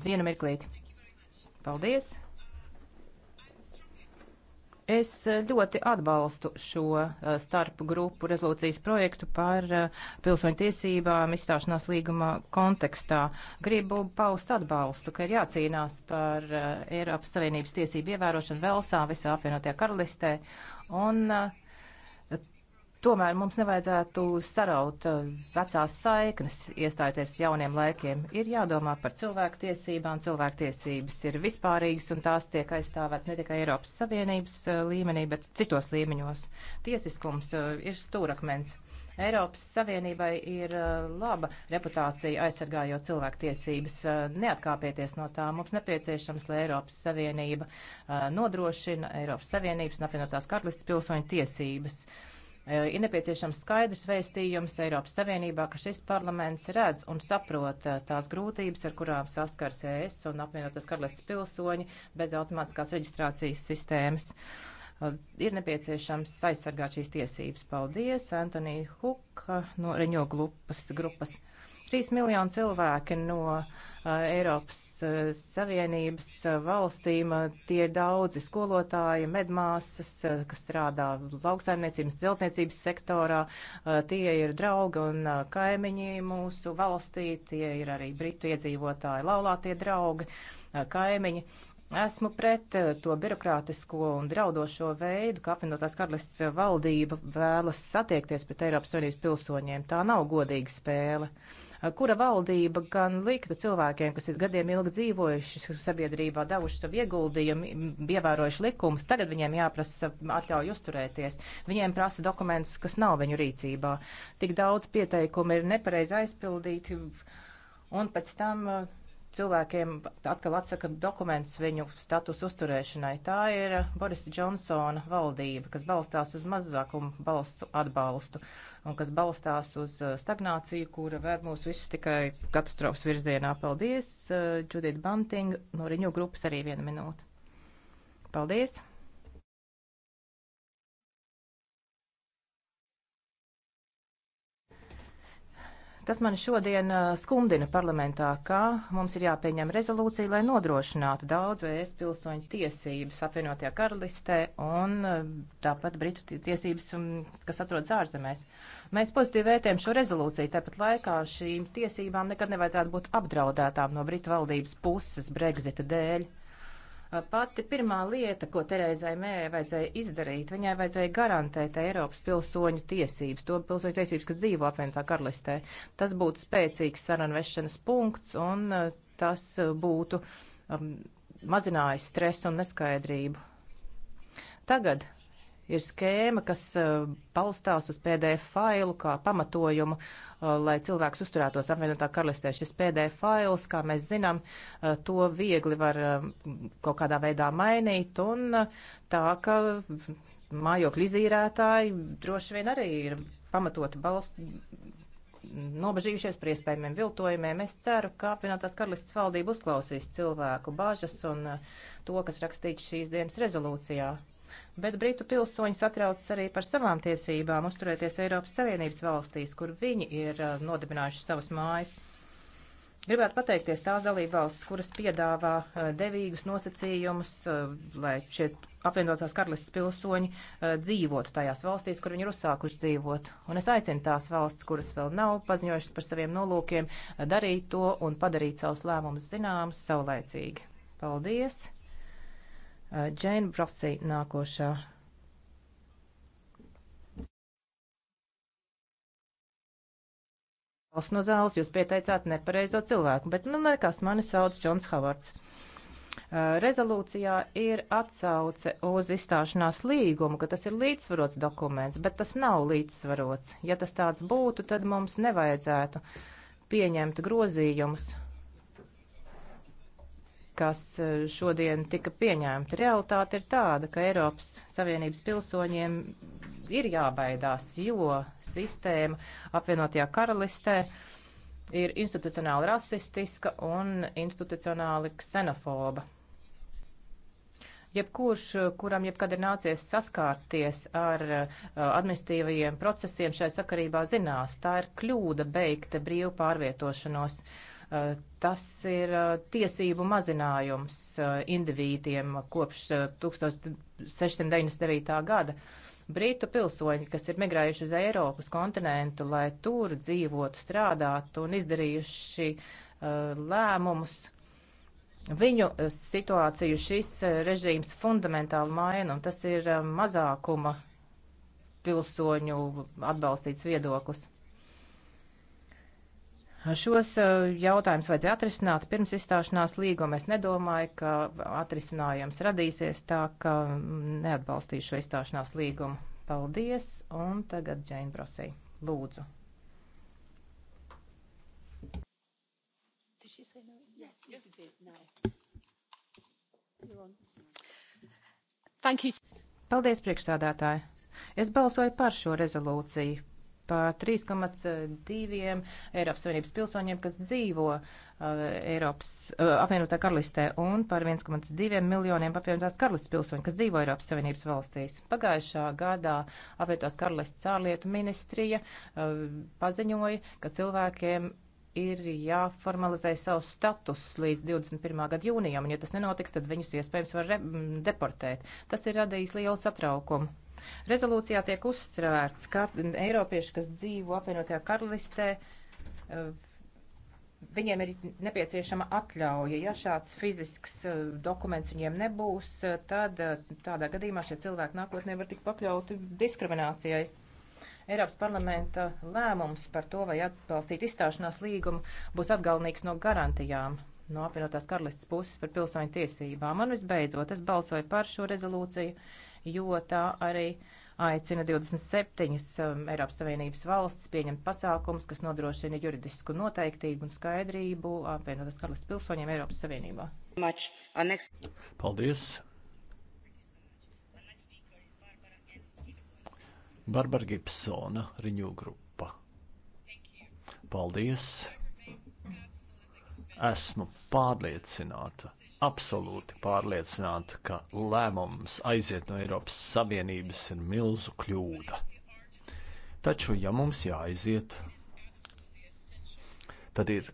Vienu mirklīti. Paldies. Es eh, ļoti atbalstu šo eh, starp grupu rezolūcijas projektu par eh, pilsoņu tiesībām izstāšanās līguma kontekstā. Gribu paust atbalstu, ka ir jācīnās par Eiropas Savienības tiesību ievērošanu Velsā, visā apvienotajā karalistē. Un uh, Tomēr mums nevajadzētu saraut eh, vecās saiknes, iestājoties jauniem laikiem. Ir jādomā par cilvēktiesībām. Cilvēktiesības ir vispārīgas un tās tiek aizstāvētas ne tikai Eiropas Savienības eh, līmenī, bet citos līmeņos. Tiesiskums eh, ir stūrakmens. Eiropas Savienībai ir laba reputācija aizsargājot cilvēktiesības. Neatkāpieties no tā. Mums nepieciešams, lai Eiropas Savienība nodrošina Eiropas Savienības un apvienotās karalistas pilsoņu tiesības. Uh, Ir nepieciešams skaidrs vēstījums Eiropas Savienībā, ka šis parlaments redz un saprot tās grūtības, ar kurām saskars ES un apvienotās karalists pilsoņi bez automātiskās reģistrācijas sistēmas. Ir nepieciešams aizsargāt šīs tiesības. Paldies, Antonija Huka no Reņo grupas. grupas. 3 miljoni cilvēki no uh, Eiropas Savienības valstīm. Tie ir daudzi skolotāji, medmāsas, kas strādā lauksaimniecības, dzeltniecības sektorā. Tie ir draugi un kaimiņi mūsu valstī. Tie ir arī britu iedzīvotāji, laulātie draugi, kaimiņi. Esmu pret to birokrātisko un draudošo veidu, kā apvienotās karalists valdība vēlas satiekties pret Eiropas Savienības pilsoņiem. Tā nav godīga spēle. Uh, kura valdība gan liktu cilvēkiem, kas ir gadiem ilgi dzīvojuši sabiedrībā, devuši savu ieguldījumu, ievērojuši likumus, tagad viņiem jāprasa atļauju uzturēties. Viņiem prasa dokumentus, kas nav viņu rīcībā. Tik daudz pieteikumu ir nepareizi aizpildīti, un pēc tam uh, cilvēkiem atkal atsaka dokumentus viņu status uzturēšanai. Tā ir Borisa Džonsona valdība, kas balstās uz mazākumu balstu atbalstu un kas balstās uz uh, stagnāciju, kura vēd mūs visus tikai katastrofas virzienā. Paldies, Džudita uh, Bantinga, no Riņu grupas arī viena minūte. Paldies! Tas man šodien skumdina parlamentā, ka mums ir jāpieņem rezolūcija, lai nodrošinātu daudz vēst pilsoņu tiesības apvienotajā karalistē un tāpat britu tiesības, um, kas atrodas ārzemēs. Mēs pozitīvi vērtējam šo rezolūciju, tāpat laikā šīm tiesībām nekad nevajadzētu būt apdraudētām no britu valdības puses Brexita dēļ. Pati pirmā lieta, ko Terezai Mējai vajadzēja izdarīt, viņai vajadzēja garantēt Eiropas pilsoņu tiesības, to pilsoņu tiesības, kas dzīvo apvienotā karalistē. Tas būtu spēcīgs sarunvešanas punkts un tas būtu um, mazinājis stresu un neskaidrību. Tagad ir skēma, kas eh, balstās uz PDF failu kā pamatojumu, eh, lai cilvēks uzturētos apvienotā karalistē. Šis PDF fails, kā mēs zinām, eh, to viegli var kaut kādā veidā mainīt un tā, ka mājokļu izīrētāji droši vien arī ir pamatoti balst, nobežījušies par iespējamiem viltojumiem. Es ceru, ka apvienotās karalists valdība uzklausīs cilvēku bāžas un to, kas rakstīts šīs dienas rezolūcijā bet Britu pilsoņi satrauc arī par savām tiesībām uzturēties Eiropas Savienības valstīs, kur viņi ir uh, nodibinājuši savas mājas. Gribētu pateikties tās dalībvalstis, kuras piedāvā uh, devīgus nosacījumus, uh, lai šie apvienotās karalistas pilsoņi dzīvotu tajās valstīs, kur viņi ir uzsākuši dzīvot. Un es aicinu tās valstis, kuras vēl nav paziņojušas par saviem nolūkiem, darīt to un padarīt savus lēmumus zināmus saulēcīgi. Paldies! Džēna uh, Brosī nākošā. balss no zāles, jūs pieteicāt nepareizo cilvēku, bet nu nekas mani sauc Džons Havards. Uh, rezolūcijā ir atsauce uz izstāšanās līgumu, ka tas ir līdzsvarots dokuments, bet tas nav līdzsvarots. Ja tas tāds būtu, tad mums nevajadzētu pieņemt grozījumus kas eh, šodien tika pieņemti. Realitāte ir tāda, ka Eiropas Savienības pilsoņiem ir jābaidās, jo sistēma apvienotajā karalistē ir institucionāli rasistiska un institucionāli ksenofoba. Jebkurš, kuram jebkad ir nācies saskārties ar eh, administratīvajiem procesiem šai sakarībā zinās, tā ir kļūda beigta brīvu pārvietošanos. Uh, Tas ir uh, tiesību mazinājums uh, individiem kopš 1699. Uh, gada. Brītu pilsoņi, kas ir migrējuši uz Eiropas kontinentu, lai tur dzīvotu, strādātu un izdarījuši lēmumus, viņu situāciju šis režīms fundamentāli maina, un tas ir mazākuma pilsoņu atbalstīts viedoklis. Šos eh, jautājumus vajadzēja atrisināt pirms izstāšanās līguma. Es nedomāju, ka atrisinājums radīsies tā, ka mm, neatbalstīšu šo izstāšanās līgumu. Paldies, un tagad Džeina Brosī. Lūdzu. Yes, yes it is now. You're on. Thank you. Paldies, priekšsādātāji! Es balsoju par šo rezolūciju, par 3,2 Eiropas Savienības pilsoņiem, kas dzīvo uh, Eiropas uh, apvienotā karalistē, un par 1,2 miljoniem apvienotās karalistes pilsoņu, kas dzīvo Eiropas Savienības valstīs. Pagājušā gadā apvienotās karalistes ārlietu ministrija uh, paziņoja, ka cilvēkiem ir jāformalizē savs status līdz 21. gada jūnijam, un ja tas nenotiks, tad viņus iespējams var deportēt. Tas ir radījis lielu satraukumu Rezolūcijā tiek uzstrāvērts, ka Eiropieši, kas dzīvo apvienotajā karalistē, eh, viņiem ir nepieciešama atļauja. Ja šāds fizisks eh, dokuments viņiem nebūs, eh, tad tādā gadījumā šie cilvēki nākotnē var tikt pakļauti diskriminācijai. Eiropas parlamenta lēmums par to, vai atbalstīt izstāšanās līgumu, būs atgalnīgs no garantijām no apvienotās karalistas puses par pilsoņu tiesībām. Un visbeidzot, es balsoju par šo rezolūciju jo tā arī aicina 27 um, Eiropas Savienības valstis pieņemt pasākums, kas nodrošina juridisku noteiktību un skaidrību apvienotās karalistas pilsoņiem Eiropas Savienībā. Paldies! Barbara Gibsona, Riņu grupa. Paldies! Esmu pārliecināta, absolūti pārliecināta, ka lēmums aiziet no Eiropas Savienības ir milzu kļūda. Taču, ja mums jāaiziet, tad ir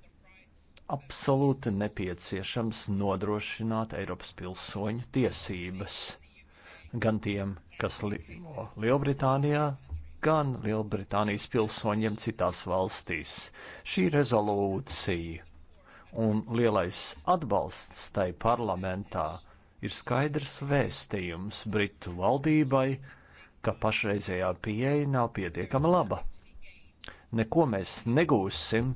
absolūti nepieciešams nodrošināt Eiropas pilsoņu tiesības gan tiem, kas dzīvo li Lielbritānijā, gan Lielbritānijas pilsoņiem citās valstīs. Šī rezolūcija un lielais atbalsts tai parlamentā ir skaidrs vēstījums Britu valdībai, ka pašreizējā pieeja nav pietiekama laba. Neko mēs negūsim,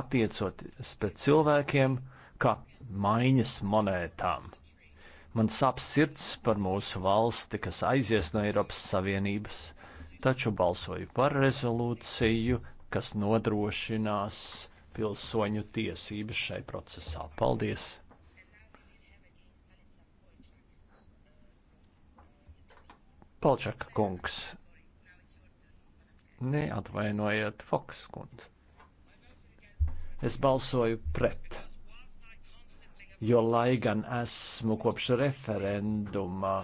attiecoties pret cilvēkiem, kā maiņas monētām. Man sāp sirds par mūsu valsti, kas aizies no Eiropas Savienības, taču balsoju par rezolūciju, kas nodrošinās pilsoņu tiesības šai procesā. Paldies! Palčaka kungs, neatvainojiet Foks kundz. Es balsoju pret, jo lai gan esmu kopš referenduma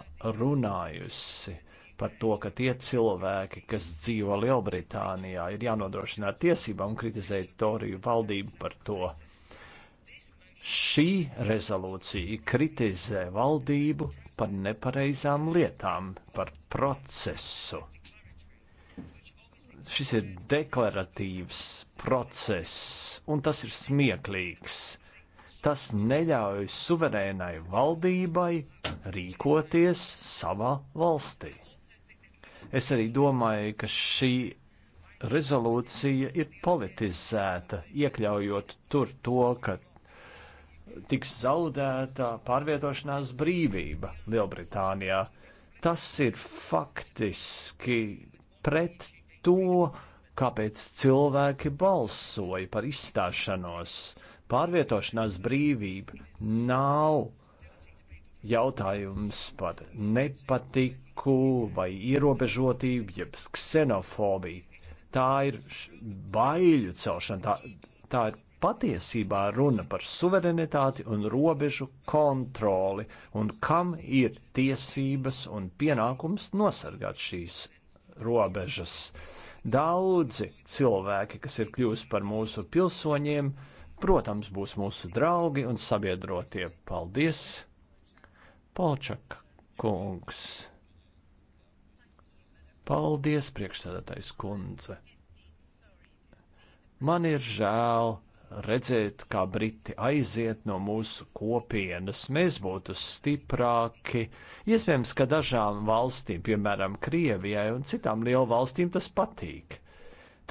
runājusi par to, ka tie cilvēki, kas dzīvo Lielbritānijā, ir jānodrošina ar tiesībām un kritizēt Toriju valdību par to. Šī rezolūcija kritizē valdību par nepareizām lietām, par procesu. Šis ir deklaratīvs process, un tas ir smieklīgs tas neļauj suverēnai valdībai rīkoties savā valstī. Es arī domāju, ka šī rezolūcija ir politizēta, iekļaujot tur to, ka tiks zaudēta pārvietošanās brīvība Lielbritānijā. Tas ir faktiski pret to, kāpēc cilvēki balsoja par izstāšanos. Pārvietošanās brīvība nav jautājums par nepatiku vai ierobežotību, jeb ksenofobiju. Tā ir baiļu celšana, tā, tā ir patiesībā runa par suverenitāti un robežu kontroli, un kam ir tiesības un pienākums nosargāt šīs robežas. Daudzi cilvēki, kas ir kļuvuši par mūsu pilsoņiem, protams, būs mūsu draugi un sabiedrotie. Paldies! Polčak kungs. Paldies, priekšsēdētājs kundze. Man ir žēl redzēt, kā Briti aiziet no mūsu kopienas. Mēs būtu stiprāki. Iespējams, ka dažām valstīm, piemēram, Krievijai un citām lielu valstīm, tas patīk.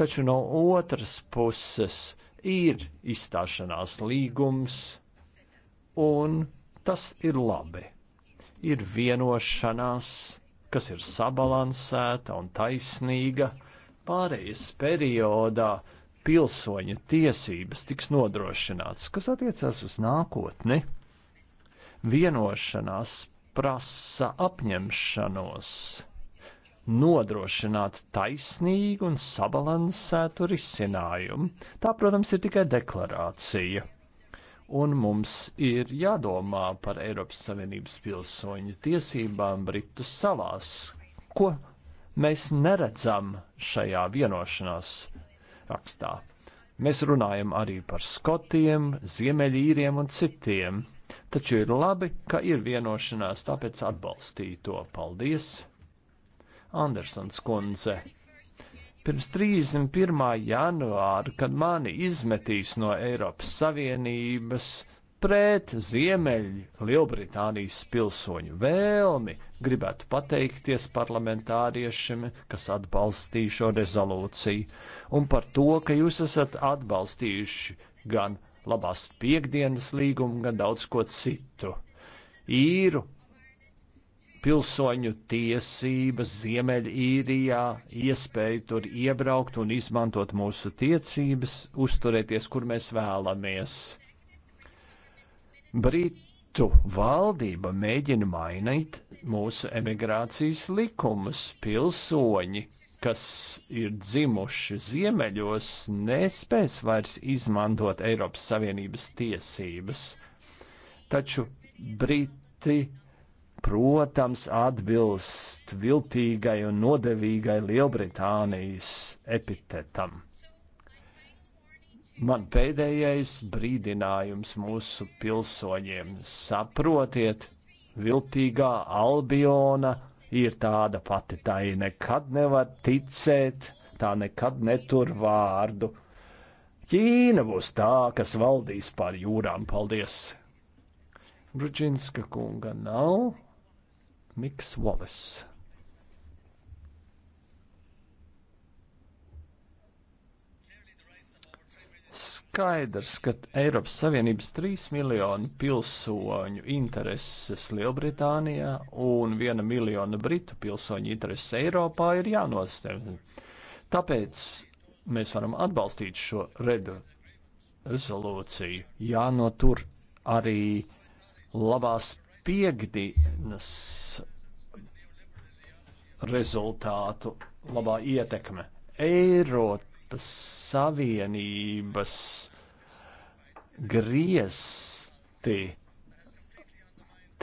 Taču no otras puses ir izstāšanās līgums, un tas ir labi ir vienošanās, kas ir sabalansēta un taisnīga. Pārējais periodā pilsoņa tiesības tiks nodrošināts, kas attiecās uz nākotni. Vienošanās prasa apņemšanos nodrošināt taisnīgu un sabalansētu risinājumu. Tā, protams, ir tikai deklarācija un mums ir jādomā par Eiropas Savienības pilsoņu tiesībām Britu salās, ko mēs neredzam šajā vienošanās rakstā. Mēs runājam arī par skotiem, ziemeļīriem un citiem, taču ir labi, ka ir vienošanās, tāpēc atbalstīto. Paldies! Andersons kundze. Pirms 31. janvāra, kad mani izmetīs no Eiropas Savienības pret Ziemeļu Lielbritānijas pilsoņu vēlmi, gribētu pateikties parlamentāriešiem, kas atbalstīja šo rezolūciju, un par to, ka jūs esat atbalstījuši gan labās piekdienas līgumu, gan daudz ko citu. Īru pilsoņu tiesības Ziemeļīrijā, iespēju tur iebraukt un izmantot mūsu tiesības, uzturēties, kur mēs vēlamies. Britu valdība mēģina mainīt mūsu emigrācijas likumus. Pilsoņi, kas ir dzimuši ziemeļos, nespēs vairs izmantot Eiropas Savienības tiesības. Taču Briti protams, atbilst viltīgai un nodevīgai Lielbritānijas epitetam. Man pēdējais brīdinājums mūsu pilsoņiem - saprotiet, viltīgā Albiona ir tāda pati. Tā ir nekad nevar ticēt, tā nekad netur vārdu. Ķīna būs tā, kas valdīs pār jūrām. Paldies! Brudžinska kunga nav. Miks Wallace. Skaidrs, ka Eiropas Savienības 3 miljonu pilsoņu intereses Lielbritānijā un 1 miljonu britu pilsoņu intereses Eiropā ir jānostiprina. Tāpēc mēs varam atbalstīt šo redu rezolūciju. Jānotur arī labās piekdienas rezultātu labā ietekme. Eiropas Savienības griesti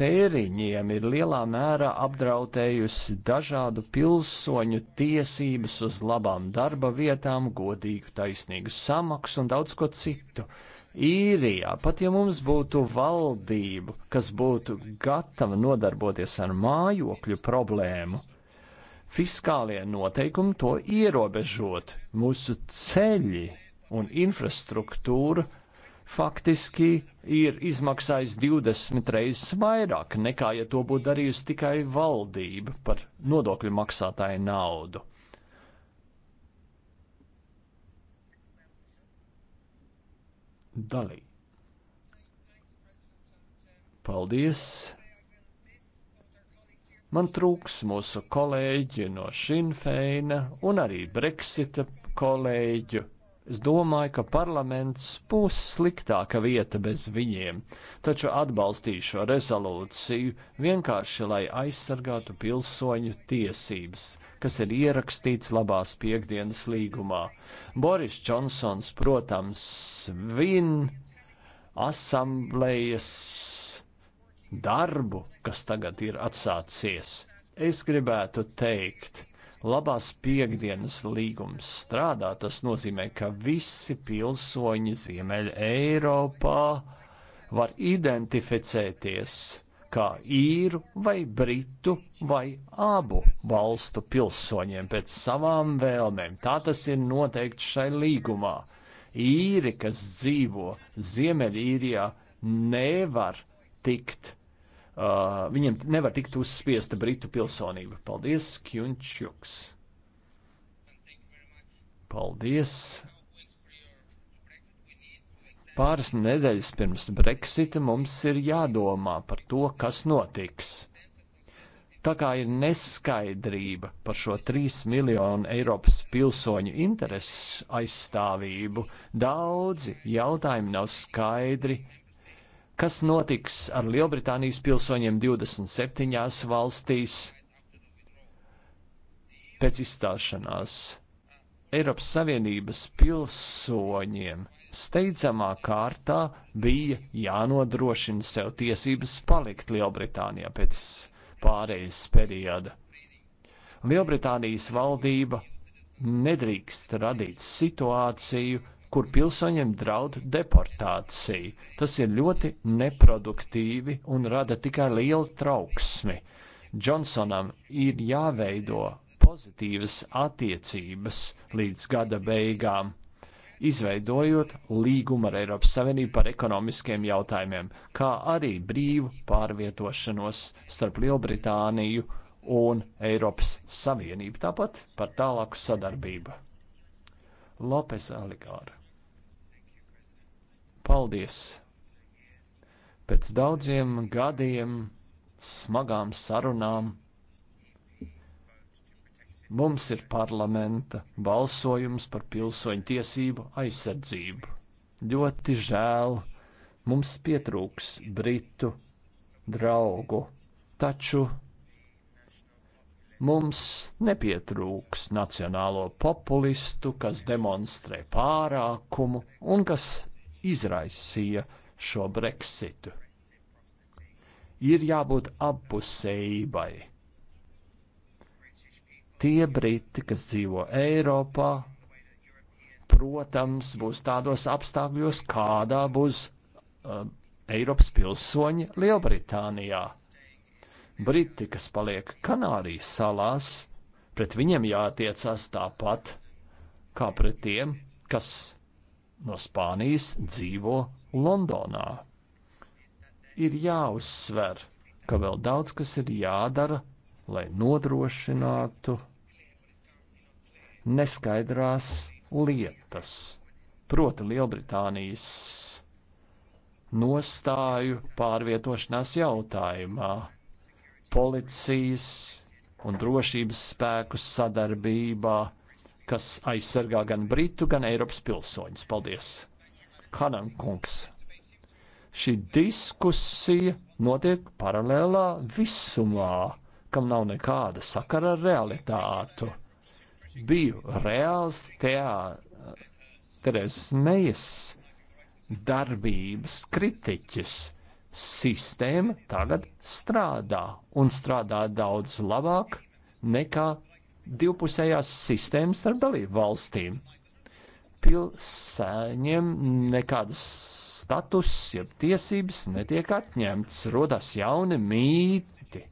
tēriņiem ir lielā mērā apdraudējusi dažādu pilsoņu tiesības uz labām darba vietām, godīgu, taisnīgu samaksu un daudz ko citu. Uh, īrijā, pat ja mums būtu valdība, kas būtu gatava nodarboties ar mājokļu problēmu, fiskālie noteikumi to ierobežot. Mūsu ceļi un infrastruktūra faktiski ir izmaksājis 20 reizes vairāk nekā, ja to būtu darījusi tikai valdība par nodokļu maksātāju naudu. Dalī. Paldies! Man trūks mūsu kolēģi no Šinfeina un arī Brexita kolēģu Es domāju, ka parlaments būs sliktāka vieta bez viņiem, taču atbalstīšu šo rezolūciju vienkārši, lai aizsargātu pilsoņu tiesības, kas ir ierakstīts labās piekdienas līgumā. Boris Džonsons, protams, svin asamblējas darbu, kas tagad ir atsācies. Es gribētu teikt, Labās piekdienas līgums strādā, tas nozīmē, ka visi pilsoņi Ziemeļa Eiropā var identificēties kā īru vai britu vai abu valstu pilsoņiem pēc savām vēlmēm. Tā tas ir noteikts šai līgumā. Īri, kas dzīvo Ziemeļīrijā, nevar tikt Uh, viņiem nevar tikt uzspiesta britu pilsonība. Paldies, Kjunčuks! Paldies! Pāris nedēļas pirms Brexita mums ir jādomā par to, kas notiks. Tā kā ir neskaidrība par šo 3 miljonu Eiropas pilsoņu interesu aizstāvību, daudzi jautājumi nav skaidri kas notiks ar Lielbritānijas pilsoņiem 27 valstīs pēc izstāšanās. Eiropas Savienības pilsoņiem steidzamā kārtā bija jānodrošina sev tiesības palikt Lielbritānijā pēc pārejas perioda. Lielbritānijas valdība nedrīkst radīt situāciju, kur pilsoņiem draud deportācija. Tas ir ļoti neproduktīvi un rada tikai lielu trauksmi. Džonsonam ir jāveido pozitīvas attiecības līdz gada beigām, izveidojot līgumu ar Eiropas Savienību par ekonomiskiem jautājumiem, kā arī brīvu pārvietošanos starp Lielbritāniju un Eiropas Savienību, tāpat par tālāku sadarbību. Lopes Aligāra. Paldies! Pēc daudziem gadiem, smagām sarunām, mums ir parlamenta balsojums par pilsoņu tiesību aizsardzību. Ļoti žēl, mums pietrūks britu draugu, taču mums nepietrūks nacionālo populistu, kas demonstrē pārākumu un kas izraisīja šo Brexitu. Ir jābūt abpusējībai. Tie briti, kas dzīvo Eiropā, protams, būs tādos apstākļos, kādā būs uh, Eiropas pilsoņi Lielbritānijā. Briti, kas paliek Kanārijas salās, pret viņiem jātiecās tāpat kā pret tiem, kas no Spānijas dzīvo Londonā. Ir jāuzsver, ka vēl daudz kas ir jādara, lai nodrošinātu neskaidrās lietas, proti Lielbritānijas nostāju pārvietošanās jautājumā, policijas un drošības spēku sadarbībā, kas aizsargā gan Britu, gan Eiropas pilsoņus. Paldies! Hanan kungs! Šī diskusija notiek paralēlā visumā, kam nav nekāda sakara ar realitātu. Biju reāls teātris, mejas darbības kritiķis. Sistēma tagad strādā un strādā daudz labāk nekā divpusējās sistēmas starp dalību valstīm. Pilsēņiem nekādas status, jeb tiesības netiek atņemts, rodas jauni mīti.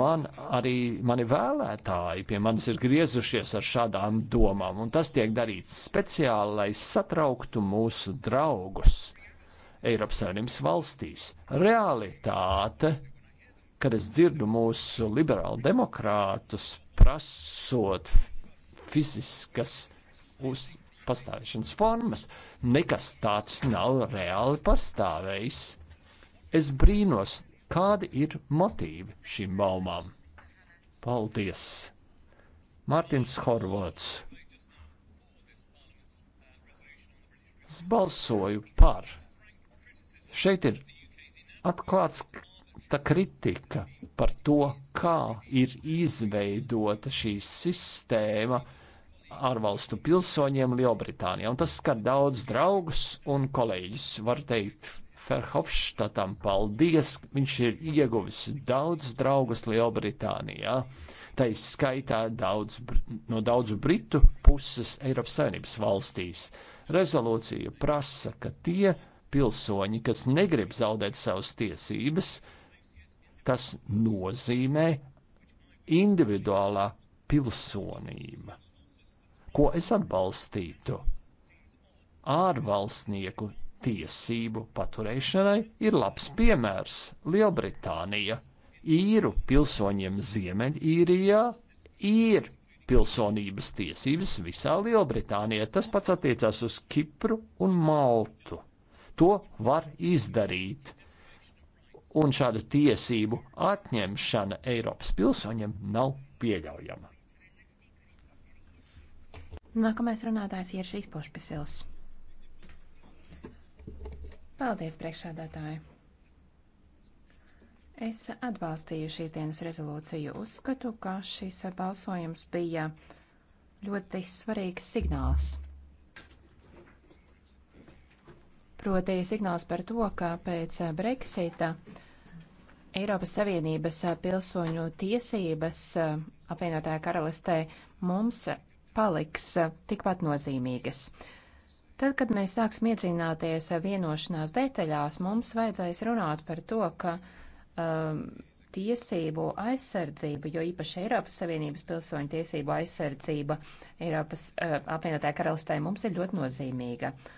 Man arī mani vēlētāji pie manis ir griezušies ar šādām domām, un tas tiek darīts speciāli, lai satrauktu mūsu draugus Eiropas Savienības valstīs. Realitāte kad es dzirdu mūsu liberālu demokrātus prasot fiziskas uz pastāvēšanas formas, nekas tāds nav reāli pastāvējis. Es brīnos, kādi ir motīvi šīm baumām. Paldies! Mārtiņš Horvots. Es balsoju par. Šeit ir atklāts pausta kritika par to, kā ir izveidota šī sistēma ārvalstu pilsoņiem Lielbritānijā. Un tas skar daudz draugus un kolēģis. Var teikt, Ferhofštatam paldies, viņš ir ieguvis daudz draugus Lielbritānijā. Tā ir skaitā daudz, no daudzu britu puses Eiropas Savienības valstīs. Rezolūcija prasa, ka tie pilsoņi, kas negrib zaudēt savas tiesības, uh, Tas nozīmē individuālā pilsonība, ko es atbalstītu. Ārvalstnieku tiesību paturēšanai ir labs piemērs Lielbritānija. Īru pilsoņiem Ziemeļīrijā ir pilsonības tiesības visā Lielbritānijā. Tas pats attiecās uz Kipru un Maltu. To var izdarīt un šāda tiesību atņemšana Eiropas pilsoņiem nav pieļaujama. Nākamais runātājs ir šīs pošpisils. Paldies, priekšādātāji! Es atbalstīju šīs dienas rezolūciju. Uzskatu, ka šis balsojums bija ļoti svarīgs signāls. Proti signāls par to, ka pēc Brexita uh, Eiropas Savienības pilsoņu tiesības apvienotajā karalistē mums paliks tikpat nozīmīgas. Tad, kad mēs sāksim iedzināties vienošanās detaļās, mums vajadzēs runāt par to, ka um, tiesību aizsardzība, jo īpaši Eiropas Savienības pilsoņu tiesību aizsardzība Eiropas uh, apvienotajā karalistē mums ir ļoti nozīmīga. Uh,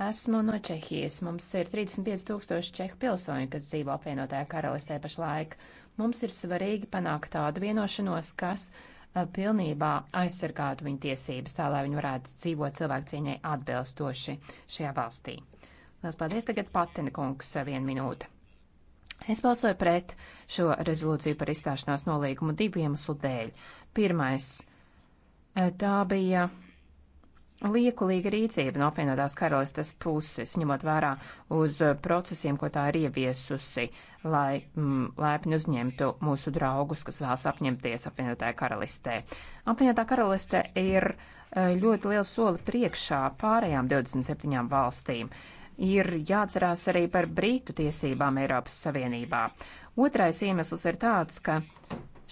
Esmu no Čehijas. Mums ir 35 tūkstoši čehu pilsoņu, kas dzīvo apvienotajā karalistē pašlaik. Mums ir svarīgi panākt tādu vienošanos, kas eh, pilnībā aizsargātu viņu tiesības, tā lai viņi varētu dzīvot cilvēkcieņai atbilstoši šajā valstī. Lielas paldies tagad pateni kungs eh, vienu minūti. Es balsoju pret šo rezolūciju par izstāšanās nolīgumu divu iemeslu dēļ. Pirmais, eh, tā bija liekulīga rīcība no apvienotās karalistas puses, ņemot vērā uz eh, procesiem, ko tā ir ieviesusi, lai mm, lēpni uzņemtu mūsu draugus, kas vēlas apņemties apvienotāja karalistē. Apvienotā karaliste ir eh, ļoti liels soli priekšā pārējām 27 valstīm. Ir jāatcerās arī par brītu tiesībām Eiropas Savienībā. Otrais iemesls ir tāds, ka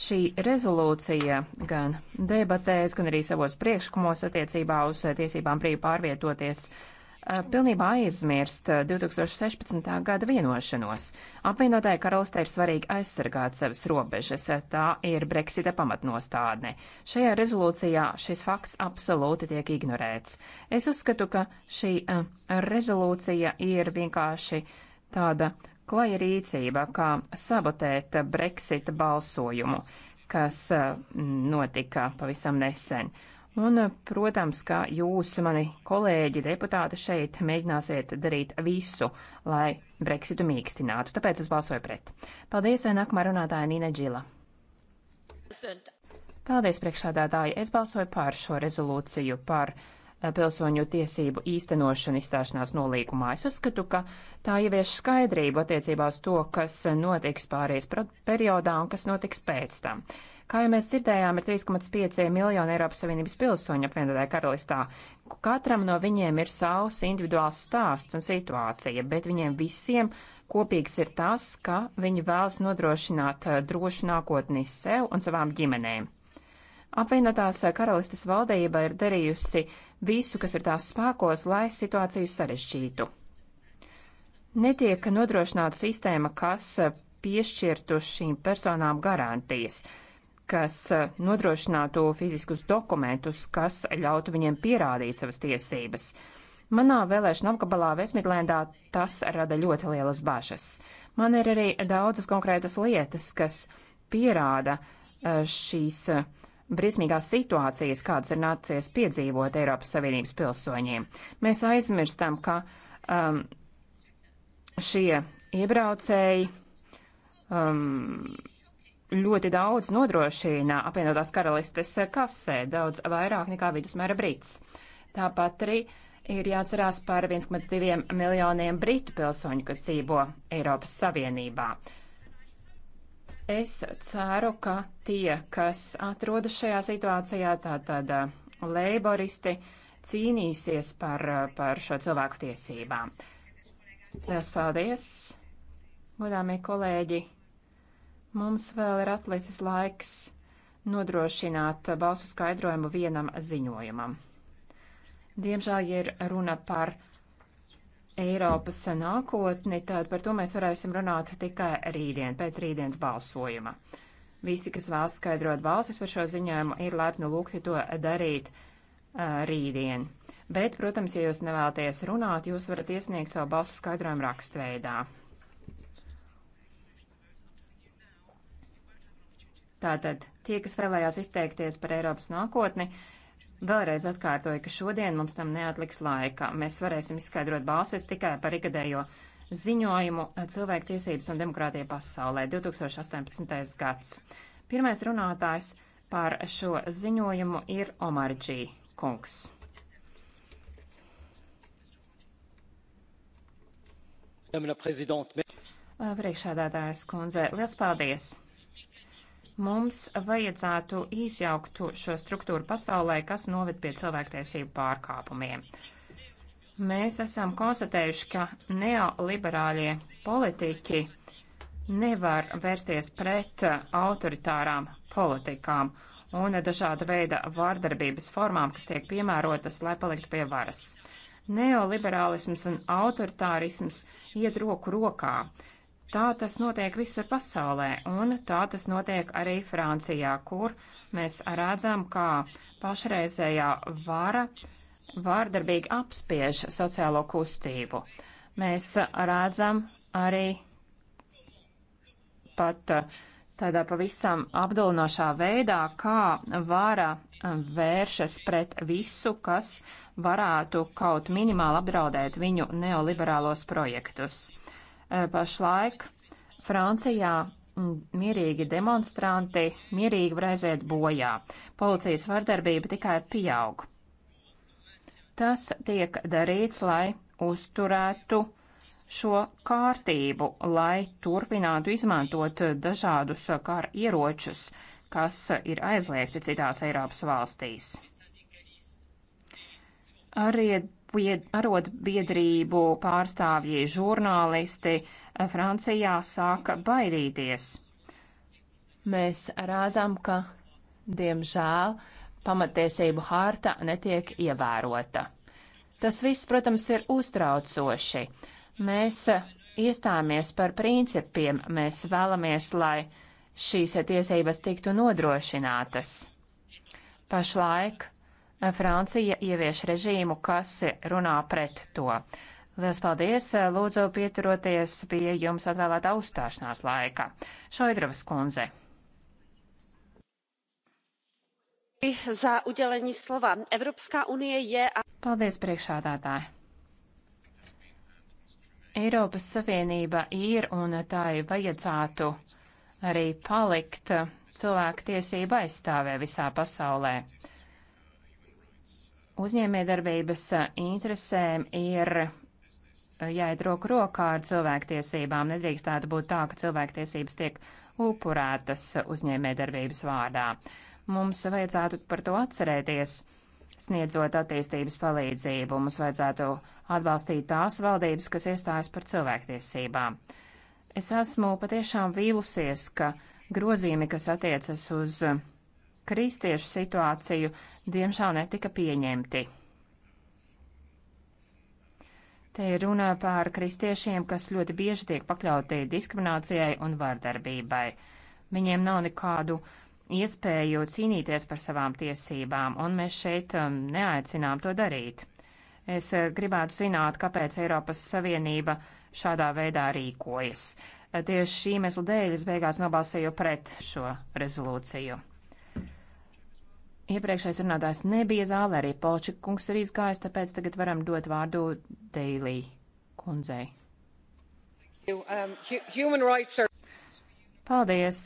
Šī rezolūcija gan debatēs, gan arī savos priekšlikumos attiecībā uz eh, tiesībām brīvi pārvietoties eh, pilnībā aizmirst 2016. Eh, gada vienošanos. Apvienotāja karaliste ir svarīgi aizsargāt savas robežas, tā ir Brexita pamatnostādne. Šajā rezolūcijā šis fakts absolūti tiek ignorēts. Es uzskatu, ka šī rezolūcija ir vienkārši tāda klaja rīcība, kā sabotēt Brexita balsojumu, kas mm, notika pavisam nesen. Un, protams, ka jūs, mani kolēģi, deputāti šeit mēģināsiet darīt visu, lai Brexitu mīkstinātu. Tāpēc es balsoju pret. Paldies, nākamā runātāja Nīna Džila. Paldies, priekšādātāji. Es balsoju pār šo rezolūciju, par pilsoņu tiesību īstenošanu izstāšanās nolīgumā. Es uzskatu, ka tā ievieš skaidrību attiecībā uz to, kas notiks pāries periodā un kas notiks pēc tam. Kā jau mēs dzirdējām, ir 3,5 miljoni Eiropas Savienības pilsoņu apvienotajā karalistā. Katram no viņiem ir savs individuāls stāsts un situācija, bet viņiem visiem kopīgs ir tas, ka viņi vēlas nodrošināt eh, drošu nākotni sev un savām ģimenēm. Apvienotās karalistes valdība ir darījusi visu, kas ir tās spēkos, lai situāciju sarežģītu. Netiek nodrošināta sistēma, kas piešķirtu šīm personām garantijas kas nodrošinātu fiziskus dokumentus, kas ļautu viņiem pierādīt savas tiesības. Manā vēlēšana apgabalā Vesmidlendā tas rada ļoti lielas bažas. Man ir arī daudzas konkrētas lietas, kas pierāda eh, šīs eh, briesmīgās situācijas, kādas ir nācies piedzīvot Eiropas Savienības pilsoņiem. Mēs aizmirstam, ka um, šie iebraucēji um, ļoti daudz nodrošina apvienotās karalistes kasē, daudz vairāk nekā vidusmēra brits. Tāpat arī ir jāatcerās par 1,2 miljoniem britu pilsoņu, kas dzīvo Eiropas Savienībā. Uh, Es ceru, ka tie, kas atrodas šajā situācijā, tātad uh, leiboristi, cīnīsies par, uh, par šo cilvēku tiesībām. Lielas paldies, godāmie kolēģi! Mums vēl ir atlicis laiks nodrošināt balsu skaidrojumu vienam ziņojumam. Diemžēl, ja ir runa par Eiropas nākotni, tad par to mēs varēsim runāt tikai rītdien, pēc rītdienas balsojuma. Visi, kas vēlas skaidrot balsis par šo ziņojumu, ir laipni lūgti to darīt uh, rītdien. Bet, protams, ja jūs nevēlaties runāt, jūs varat iesniegt savu balsu skaidrojumu rakstveidā. Tātad tie, kas vēlējās izteikties par Eiropas nākotni, uh, Vēlreiz atkārtoju, ka šodien mums tam neatliks laika. Mēs varēsim izskaidrot balsis tikai par ikgadējo ziņojumu eh, Cilvēktiesības un demokrātija pasaulē 2018. gads. Pirmais runātājs par šo ziņojumu ir Omarģī kungs. Eh, Priekšādātājas kundze, liels paldies! Mums vajadzētu izjaukt šo struktūru pasaulē, kas noved pie cilvēktiesību pārkāpumiem. Mēs esam konstatējuši, ka neoliberālie politiķi nevar vērsties pret autoritārām politikām un dažāda veida vārdarbības formām, kas tiek piemērotas, lai paliktu pie varas. Neoliberālisms un autoritārisms iet roku rokā. Tā tas notiek visur pasaulē, un tā tas notiek arī Francijā, kur mēs redzam, kā pašreizējā vara vārdarbīgi apspiež sociālo kustību. Mēs redzam arī pat uh, tādā pavisam apdulinošā veidā, kā vara uh, vēršas pret visu, kas varētu kaut minimāli apdraudēt viņu neoliberālos projektus. Eh, pašlaik Francijā mm, mierīgi demonstranti mierīgi var aiziet bojā. Policijas vardarbība tikai pieaug. Tas tiek darīts, lai uzturētu šo kārtību, lai turpinātu izmantot dažādus kara ieročus, kas ir aizliegti citās Eiropas valstīs. Arī arotbiedrību pārstāvji, žurnālisti eh, Francijā sāka baidīties. Mēs redzam, ka, diemžēl, pamatiesību harta netiek ievērota. Tas viss, protams, ir uztraucoši. Mēs eh, iestāmies par principiem, mēs vēlamies, lai šīs tiesības tiktu nodrošinātas. Pašlaik Francija ievieš režīmu, kas runā pret to. Lielas paldies! Lūdzu, pieturoties pie jums atvēlētā uzstāšanās laika. Šoidravas kundze. Paldies, priekšādātāji! Eiropas Savienība ir un tai vajadzētu arī palikt cilvēku tiesību aizstāvē visā pasaulē uzņēmējdarbības eh, interesēm ir eh, jāiet roku rokā ar cilvēktiesībām. Nedrīkstētu būt tā, ka cilvēktiesības tiek upurētas uzņēmējdarbības vārdā. Mums vajadzētu par to atcerēties sniedzot attīstības palīdzību, mums vajadzētu atbalstīt tās valdības, kas iestājas par cilvēktiesībām. Es esmu patiešām vīlusies, ka grozījumi, kas attiecas uz kristiešu situāciju, diemžēl netika pieņemti. Te ir runa par kristiešiem, kas ļoti bieži tiek pakļauti diskriminācijai un vardarbībai. Viņiem nav nekādu iespēju cīnīties par savām tiesībām, un mēs šeit um, neaicinām to darīt. Es uh, gribētu zināt, kāpēc Eiropas Savienība šādā veidā rīkojas. Tieši šī mesla dēļ es beigās nobalsēju pret šo rezolūciju. Iepriekšējais runātājs nebija zālē, arī Polčik kungs ir izgājis, tāpēc tagad varam dot vārdu Deilī kundzei. Um, Paldies!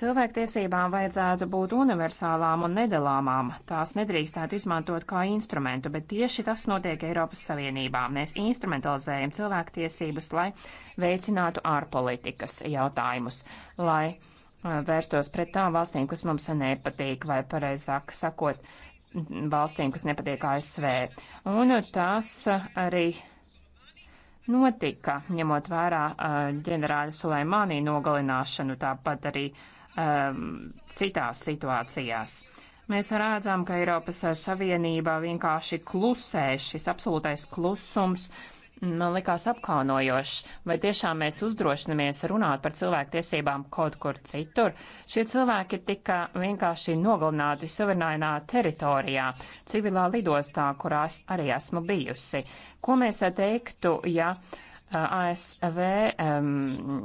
Cilvēktiesībām vajadzētu būt universālām un nedalāmām. Tās nedrīkstētu izmantot kā instrumentu, bet tieši tas notiek Eiropas Savienībā. Mēs instrumentalizējam cilvēktiesības, lai veicinātu ārpolitikas jautājumus, lai vērstos pret tām valstīm, kas mums nepatīk, vai pareizāk sakot, valstīm, kas nepatīk ASV. Un tas arī notika, ņemot vērā ģenerāļa Sulēmānī nogalināšanu, tāpat arī um, citās situācijās. Mēs redzam, ka Eiropas Savienībā vienkārši klusē šis absolūtais klusums. Uh, man likās apkaunojošs. Vai tiešām mēs uzdrošinamies runāt par cilvēktiesībām kaut kur citur? Šie cilvēki tika vienkārši nogalināti suverēnā teritorijā, civilā lidostā, kurā es arī esmu bijusi. Ko mēs teiktu, ja eh, ASV um,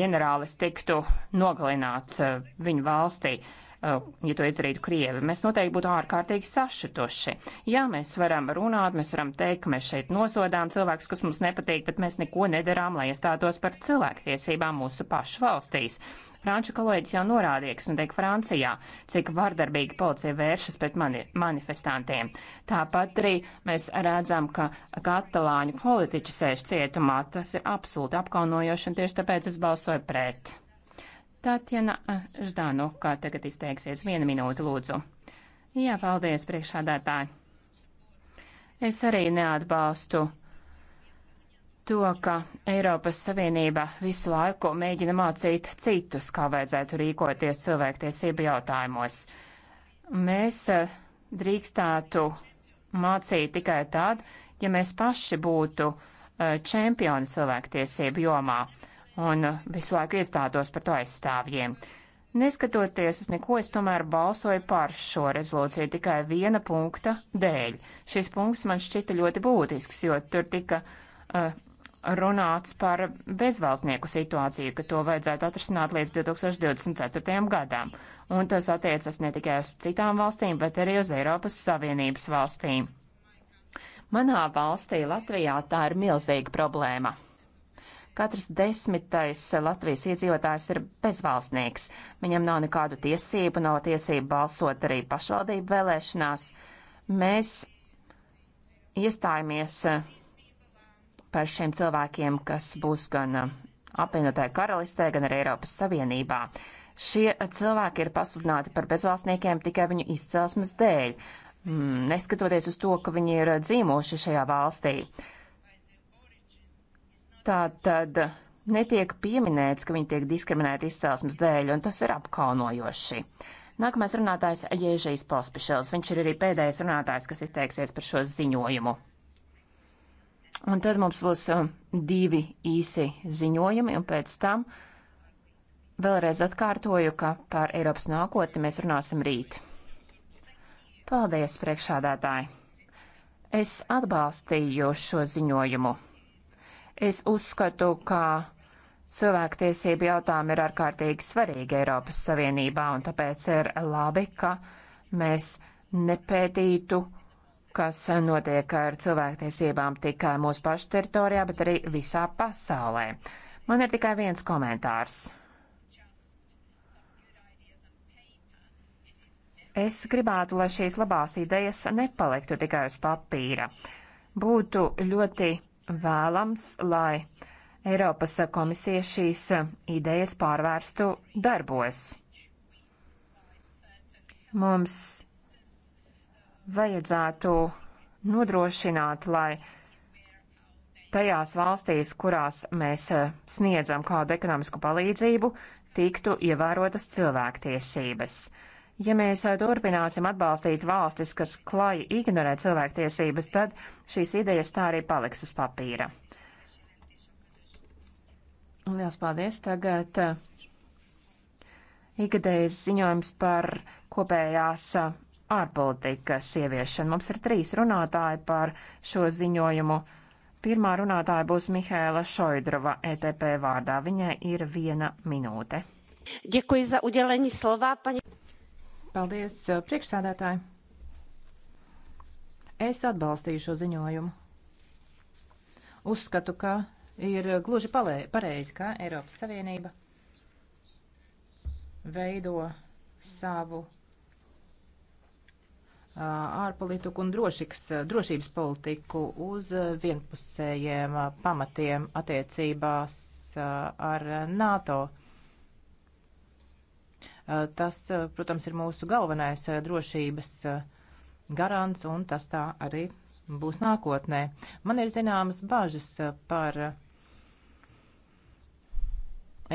ģenerālis tiktu nogalināts uh, viņu valstī? Uh, Oh, ja to izdarītu Krievi. Mēs noteikti būtu ārkārtīgi sašutuši. Jā, mēs varam runāt, mēs varam teikt, ka mēs šeit nosodām cilvēkus, kas mums nepatīk, bet mēs neko nedarām, lai iestātos par cilvēktiesībām mūsu pašu valstīs. Franču kolēģis jau norādīja, kas notiek Francijā, cik vardarbīgi policija vēršas pret mani, manifestantiem. Tāpat arī mēs redzam, ka katalāņu politiķi sēž cietumā. Tas ir absolūti apkaunojoši, un tieši tāpēc es balsoju pret. Tātjana Ždānoka tagad izteiksies viena minūte lūdzu. Jā, paldies priekšādātāji. Es arī neatbalstu to, ka Eiropas Savienība visu laiku mēģina mācīt citus, kā vajadzētu rīkoties cilvēktiesību jautājumos. Mēs eh, drīkstātu mācīt tikai tad, ja mēs paši būtu eh, čempioni cilvēktiesību jomā un uh, visu laiku iestādos par to aizstāvjiem. Neskatoties uz neko, es tomēr balsoju par šo rezolūciju tikai viena punkta dēļ. Šis punkts man šķita ļoti būtisks, jo tur tika uh, runāts par bezvalstnieku situāciju, ka to vajadzētu atrisināt līdz 2024. gadam. Un tas attiecas ne tikai uz citām valstīm, bet arī uz Eiropas Savienības valstīm. Manā valstī, Latvijā, tā ir milzīga problēma. Katrs desmitais Latvijas iedzīvotājs ir bezvalstnieks. Viņam nav nekādu tiesību, nav tiesību balsot arī pašvaldību vēlēšanās. Mēs iestājāmies eh, par šiem cilvēkiem, kas būs gan eh, apvienotāja karalistē, gan arī Eiropas Savienībā. Šie eh, cilvēki ir pasludināti par bezvalstniekiem tikai viņu izcelsmes dēļ, mm, neskatoties uz to, ka viņi ir dzīvojuši šajā valstī. Uh, Tā tad netiek pieminēts, ka viņi tiek diskriminēti izcelsmes dēļ, un tas ir apkaunojoši. Nākamais runātājs - Jēžīs Pospišels. Viņš ir arī pēdējais runātājs, kas izteiksies par šo ziņojumu. Un tad mums būs um, divi īsi ziņojumi, un pēc tam vēlreiz atkārtoju, ka par Eiropas nākotni mēs runāsim rīt. Paldies, priekšādātāji! Es atbalstīju šo ziņojumu. Es uzskatu, ka cilvēktiesību jautājumi ir ārkārtīgi svarīgi Eiropas Savienībā, un tāpēc ir labi, ka mēs nepētītu, kas notiek ar cilvēktiesībām tikai mūsu pašu teritorijā, bet arī visā pasaulē. Man ir tikai viens komentārs. Es gribētu, lai šīs labās idejas nepaliktu tikai uz papīra. Būtu ļoti vēlams, lai Eiropas komisija šīs idejas pārvērstu darbos. Mums vajadzētu nodrošināt, lai tajās valstīs, kurās mēs sniedzam kādu ekonomisku palīdzību, tiktu ievērotas cilvēktiesības. Ja mēs eh, turpināsim atbalstīt valstis, kas klāji ignorē cilvēktiesības, tad šīs idejas tā arī paliks uz papīra. Lielas paldies. Tagad eh, ikgadējs ziņojums par kopējās eh, ārpolitikas ieviešanu. Mums ir trīs runātāji par šo ziņojumu. Pirmā runātāja būs Mihēla Šoidrova ETP vārdā. Viņai ir viena minūte. Děkuji za udělení slova, paní. Paldies, uh, priekšsādātāji. Es atbalstīju šo ziņojumu. Uzskatu, ka ir gluži pareizi, ka Eiropas Savienība veido savu uh, ārpolitiku un drošības, uh, drošības politiku uz vienpusējiem pamatiem attiecībās ar NATO. Eh, tas, eh, protams, ir mūsu galvenais eh, drošības garants, un tas tā arī būs nākotnē. Man ir zināmas bažas par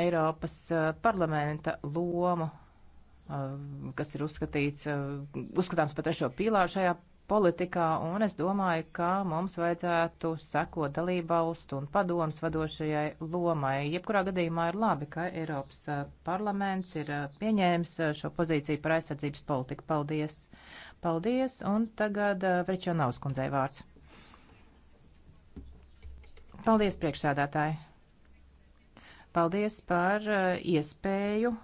Eiropas parlamenta lomu kas ir uzskatīts, uzskatāms par trešo pīlāru šajā politikā, un es domāju, ka mums vajadzētu sekot dalībvalstu un padomas vadošajai lomai. Jebkurā gadījumā ir labi, ka Eiropas parlaments ir pieņēmis šo pozīciju par aizsardzības politiku. Paldies! Paldies! Un tagad Vrečonaus kundzei vārds. Paldies, priekšsēdētāji! Paldies par iespēju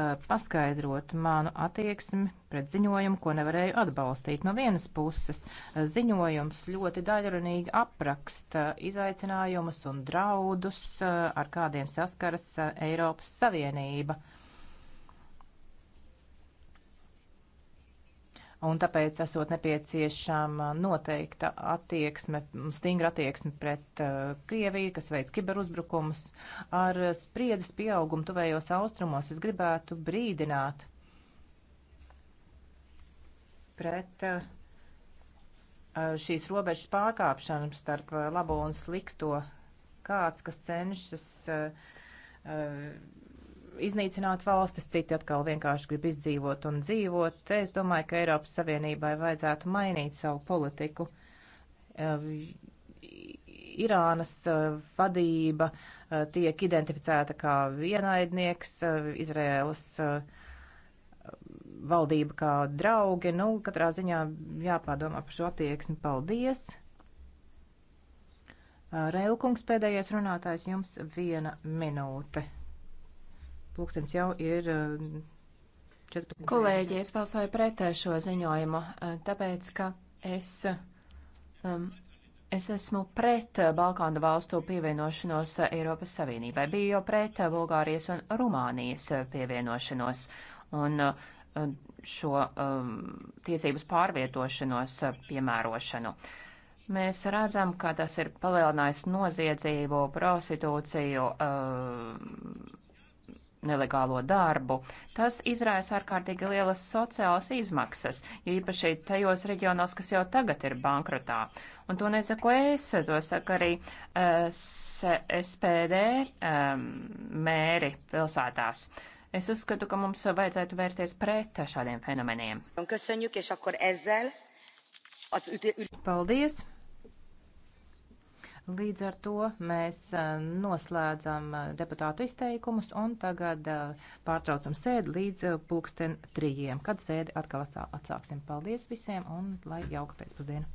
Eh, paskaidrot manu attieksmi pret ziņojumu, ko nevarēju atbalstīt. No vienas puses, eh, ziņojums ļoti daļrunīgi apraksta izaicinājumus un draudus, eh, ar kādiem saskaras Eiropas Savienība. Uh, un tāpēc esot nepieciešama noteikta attieksme, stingra attieksme pret uh, Krieviju, kas veids kiberuzbrukumus. Ar spriedzes pieaugumu tuvējos austrumos es gribētu brīdināt pret uh, uh šīs robežas pārkāpšanu starp uh, labo un slikto. Kāds, kas cenšas uh, uh, iznīcināt valstis, citi atkal vienkārši grib izdzīvot un dzīvot. Te es domāju, ka Eiropas Savienībai vajadzētu mainīt savu politiku. Irānas vadība tiek identificēta kā vienaidnieks, Izraēlas valdība kā draugi. Nu, katrā ziņā jāpārdomā par šo attieksmi. Paldies! Reilkungs pēdējais runātājs jums viena minūte. Pūkstens jau ir 14. Eh, Kolēģi, es balsoju pret eh, šo ziņojumu, eh, tāpēc, ka es, um, es esmu pret Balkānu valstu pievienošanos Eiropas Savienībai. Biju jau pret Bulgārijas un Rumānijas pievienošanos. Un, šo um, tiesības pārvietošanos piemērošanu. Uh, Mēs redzam, ka tas ir palielinājis noziedzību, prostitūciju, uh, nelegālo darbu. Tas izraisa ārkārtīgi lielas sociālas izmaksas, jo īpaši tajos reģionos, kas jau tagad ir bankrotā. Un to nesaku es, to saka arī uh, eh, SPD um, ehm, mēri pilsētās. Es uzskatu, ka mums vajadzētu vērsties pret šādiem fenomeniem. Paldies! Līdz ar to mēs eh, noslēdzam eh, deputātu izteikumus un tagad eh, pārtraucam sēdi līdz pulksten trījiem, kad sēdi atkal atsāksim. Paldies visiem un lai jauka pēcpusdiena!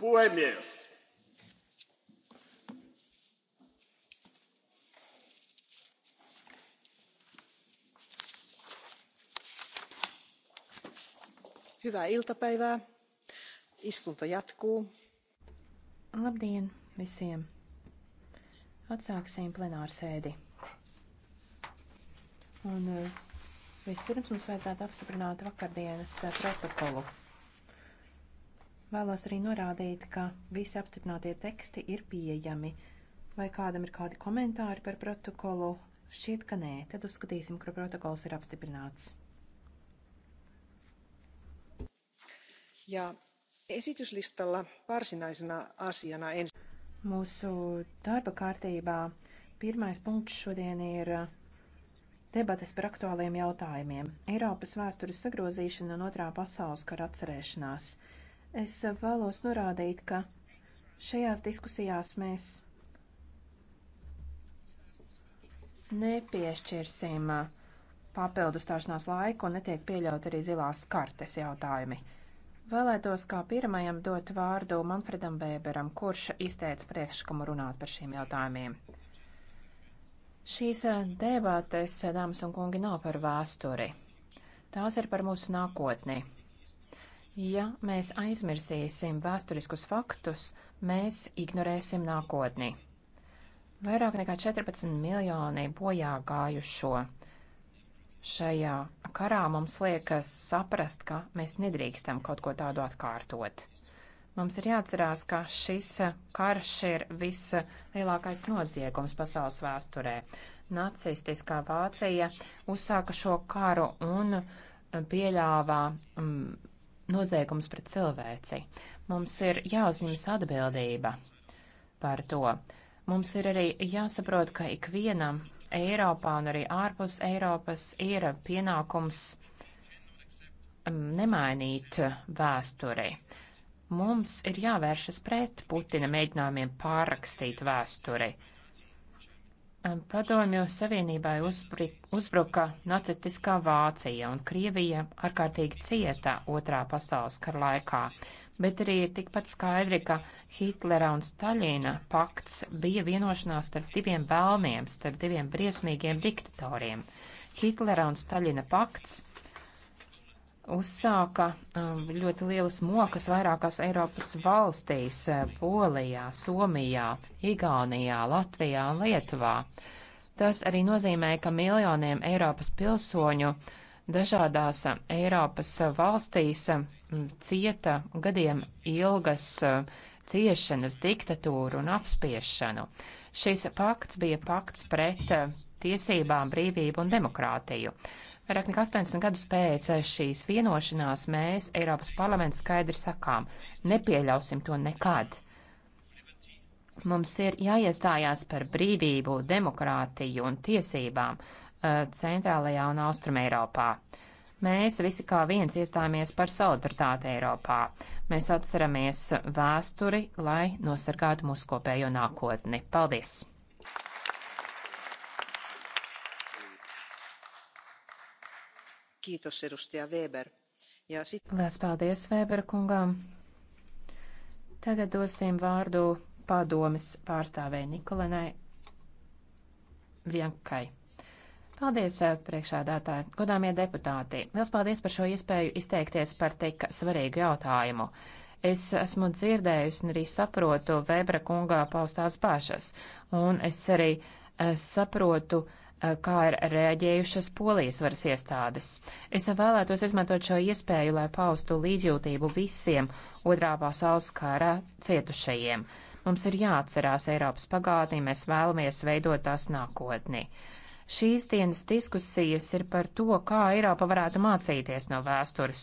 puhemies hyvää iltapäivää istunto jatkuu labdien visiem atsāksim plenārsēdi un eh, vispirms mums vajadzētu apstiprināt vakardienas eh, protokolu Vēlos arī norādīt, ka visi apstiprinātie teksti ir pieejami. Vai kādam ir kādi komentāri par protokolu? Šķiet, ka nē. Tad uzskatīsim, ka protokols ir apstiprināts. Ja esityslistalla varsinaisena asiana ensi... Mūsu darba kārtībā pirmais punkts šodien ir debates par aktuāliem jautājumiem - Eiropas vēstures sagrozīšana un otrā pasaules kara atcerēšanās. Es eh, vēlos norādīt, ka šajās diskusijās mēs nepiešķirsim eh, papildu stāšanās laiku un netiek pieļaut arī zilās kartes jautājumi. Vēlētos kā pirmajam dot vārdu Manfredam Bēberam, kurš izteica priekšlikumu runāt par šiem jautājumiem. Šīs eh, debates, dāmas un kungi, nav par vēsturi. Tās ir par mūsu nākotni, Ja mēs aizmirsīsim vēsturiskus faktus, mēs ignorēsim nākotni. Vairāk nekā 14 miljoni bojā gājušo. Šajā karā mums liekas saprast, ka mēs nedrīkstam kaut ko tādu atkārtot. Mums ir jāatcerās, ka šis karš ir vislielākais noziegums pasaules vēsturē. Nacistiskā Vācija uzsāka šo karu un pieļāvā um, noziegums pret cilvēci. Mums ir jāuzņemas atbildība par to. Mums ir arī jāsaprot, ka ikvienam Eiropā un arī ārpus Eiropas ir pienākums mm, nemainīt vēsturi. Mums ir jāvēršas pret Putina mēģinājumiem pārrakstīt vēsturi. Padomju Savienībai uzbruka nacistiskā Vācija, un Krievija ārkārtīgi cieta otrā pasaules kara laikā, bet arī ir tikpat skaidri, ka Hitlera un Staļina pakts bija vienošanās starp diviem vēlniem, starp diviem briesmīgiem diktatoriem. Hitlera un Staļina pakts uzsāka um, ļoti lielas mokas vairākās Eiropas valstīs uh, - Polijā, Somijā, Igaunijā, Latvijā un Lietuvā. Tas arī nozīmē, ka miljoniem Eiropas pilsoņu dažādās uh, Eiropas uh, valstīs um, cieta gadiem ilgas ciešanas, diktatūru un apspiešanu. Šis pakts bija pakts pret tiesībām, brīvību un demokrātiju. Vairāk nekā 80 gadus pēc šīs vienošanās mēs, Eiropas parlaments, skaidri sakām, nepieļausim to nekad. Mums ir jāiestājās par brīvību, demokrātiju un tiesībām eh, centrālajā un austrum Eiropā. Mēs visi kā viens iestājāmies par solidaritāti Eiropā. Mēs atceramies vēsturi, lai nosargātu mūsu kopējo nākotni. Paldies! Kītos, Erustija Vēber. Jā, sit... Lielas paldies, Vēber kungām. Tagad dosim vārdu padomis pārstāvēji Nikolenai Vienkai. Paldies, eh, priekšādātāji, godāmie deputāti. Liels paldies par šo iespēju izteikties par tik svarīgu jautājumu. Es esmu dzirdējusi un arī saprotu Vēbra kungā paustās pašas, un es arī eh, saprotu uh, Eh, kā ir reaģējušas polijas varas iestādes. Es vēlētos izmantot šo iespēju, lai paustu līdzjūtību visiem otrā pasaules kara cietušajiem. Mums ir jāatcerās Eiropas pagātni, mēs vēlamies veidot tās nākotni. Šīs dienas diskusijas ir par to, kā Eiropa varētu mācīties no vēstures